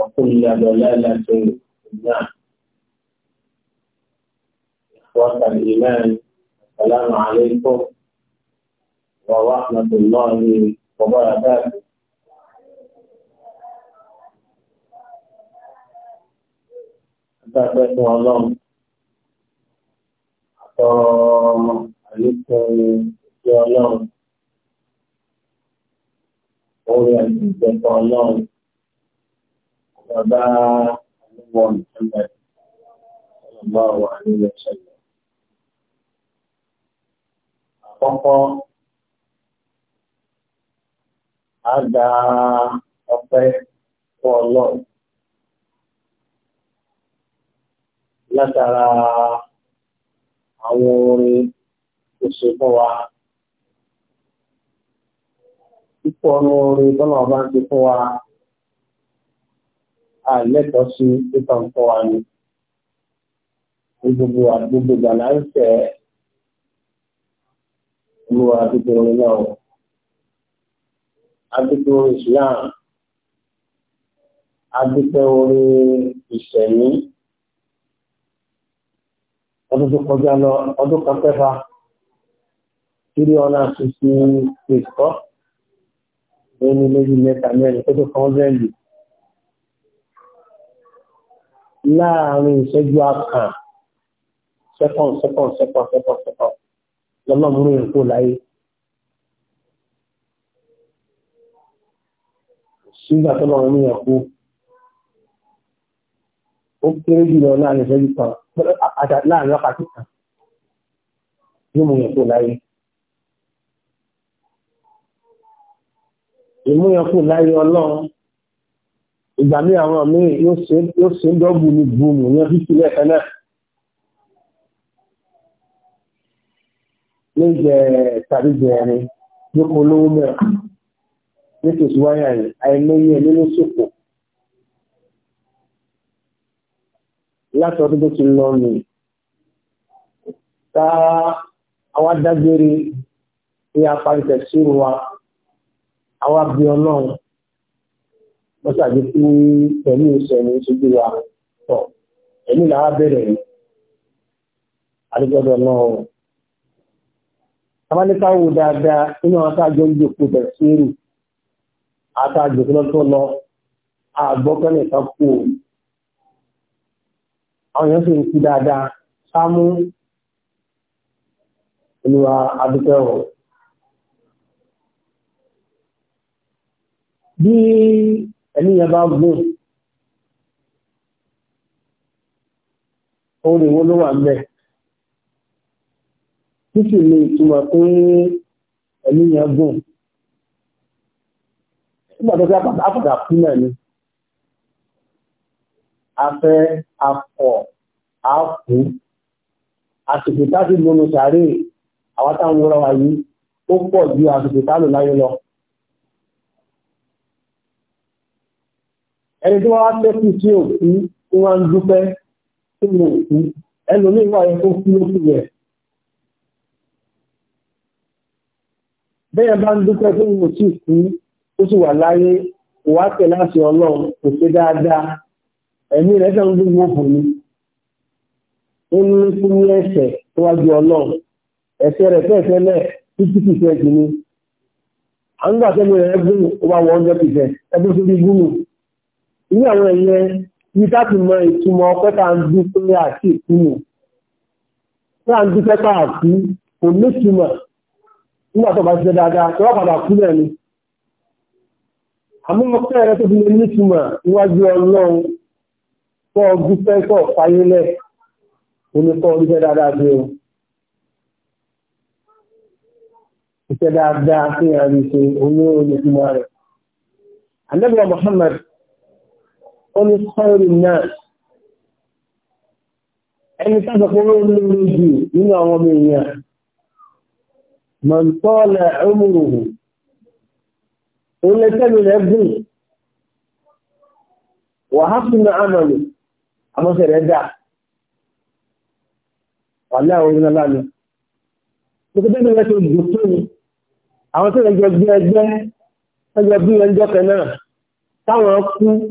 وكل ضلالة في النار إخوة الإيمان السلام عليكم ورحمة الله وبركاته Adapẹ́ fún ọlọ́run, àtọ́ àlékún ìjọ ọlọ́run, orí àti ọlọ́run, bàbá àlùwọ̀ Muhammad sallallahu alaihi wa sallam. Àkọ́kọ́ á gba ọpẹ́ fún ọlọ́run látara àwọn orin tó ṣe fún wa. Pípọ̀ ọ̀nà orin tọ́lọ̀ bá ń ṣe fún wa àlẹ́tọ̀ọ́ sí pípa nǹkan wa ni. Ní gbogbo àgbègbè gbàlá ń fẹ́ olúwa àdúgbò orin náà. Àdúgbò Islam, àdúgbò orin ìṣẹ̀mí. Ọdún tó kọjá lọ, ọdún kan pẹ́fà, three hundred and sixty six Ó ní méjì mẹ́ta mẹ́rin, ó tó kàn ó bẹ́ẹ̀ lù láàrin ìṣẹ́jú akàn second second second second second lọ́nà múlò ìrìnkú láyé. Sígbà tó lọ́wọ́ ní ẹ̀kú, ó kéré jùlọ láàrin ìṣẹ́jú kan, láàrin wákàtí kan, yóò mú ìrìnkú láyé. Ìmúyẹ̀kú láyé ọlọ́run ìgbà mí àwọn míì yóò ṣe ń dọ́gbù ní gbùmù ní fífi lẹ́ẹ̀kan náà ní jẹ tàbí jẹrin ló kó lówó mẹ́rin ní tòsí wáyà yìí àìmọye ẹni ló ṣòfò láti ọdún tó ti lọ nù tá àwa dágbére ní apá ìtẹ̀síru wa àwa bí wọ́n ṣàgbé sí pẹ̀lú ìṣẹ̀lẹ̀ ìṣojú wa tọ̀ ẹ̀mí làá bẹ̀rẹ̀ rí àdúgbọ́dọ̀ náà o. Abáníká wo dáadáa nínú àwọn aṣáájú ń jòkó bẹ̀rẹ̀ sí èrò àtàjò tó lọ́tọ́ lọ àgbọ́kẹ́lẹ̀ kan kú o. Àwọn èèyàn sì ń kú dáadáa sámú olúwa adúpẹ́ ọ̀rọ̀. Bí ẹni yẹn bá gùn orí wo ló wà mẹ́ títí ní ìtumọ̀ pé ẹni yẹn gùn nígbà tó fẹ́ apàdà kú náà ni afẹ́ akọ̀ àkú àsìkò tá a ti gbónú sàárè àwọn táwọn wúra wa yìí ó pọ̀ ju àsìkò tá a lò láyé lọ. ẹni tí wọ́n á tẹ́kù tí ò kú tí wọ́n ń dúpẹ́ tí mo kú ẹlòmíì wà yẹ kó kú lókù rẹ̀ bẹ́ẹ̀ bá ń dúpẹ́ tí mo sì kú ó sì wà láyé kò wá tẹ̀ láti ọlọ́run kò ṣe dáadáa ẹ̀mí rẹ̀ tẹ̀ ń dúró bò ní ó ní fún ẹsẹ̀ níwájú ọlọ́run ẹsẹ̀ rẹ̀ fẹ́ẹ̀fẹ́ lẹ̀ títí kìí jù ní àwọn ìgbà tẹ́lẹ̀ rẹ̀ gún ó bá wọ ọjọ́ ẹgbẹ́ tó fi gún mi ní àwọn ẹ̀yẹ ní láti mọ ìtumọ̀ ọpẹ́ tá à ń dúpẹ́ àti ìtumọ̀ tá à ń dúpẹ́ tá à sí kò ní ìtumọ̀ nígbà tó bá ṣe dáadáa tó wá padà kú lẹ́nu àmọ́ ọpẹ́ rẹ tó fi lè ní ìtumọ̀ níwájú ọlọ́run tó ọ dúpẹ́ tó ọ̀fáyé lẹ̀ kò ní kọ́ oríṣẹ́ dáadáa bí o. Iṣẹ́ dáadáa fi hàn mí ṣe olóòrùn ìtumọ̀ rẹ̀. Ànábì Muhammad ó ní kọ́ọ̀rì náà ẹni sábà fún wọn ní orí jù nínú àwọn ọmọ èèyàn mọ̀ntọ́lẹ̀ ọmọrùhù òun lè tẹ́lù rẹ̀ gùn wàhásùnà àmàlù àmọ́sẹ̀ rẹ̀ dáa wàlẹ́ àwọn orin aláàmì nígbẹ́ bí lẹ́tọ̀ ìgbò ní àwọn tó lẹ́jọ gbé ẹgbẹ́ ẹgbẹ́ bí táwọn kú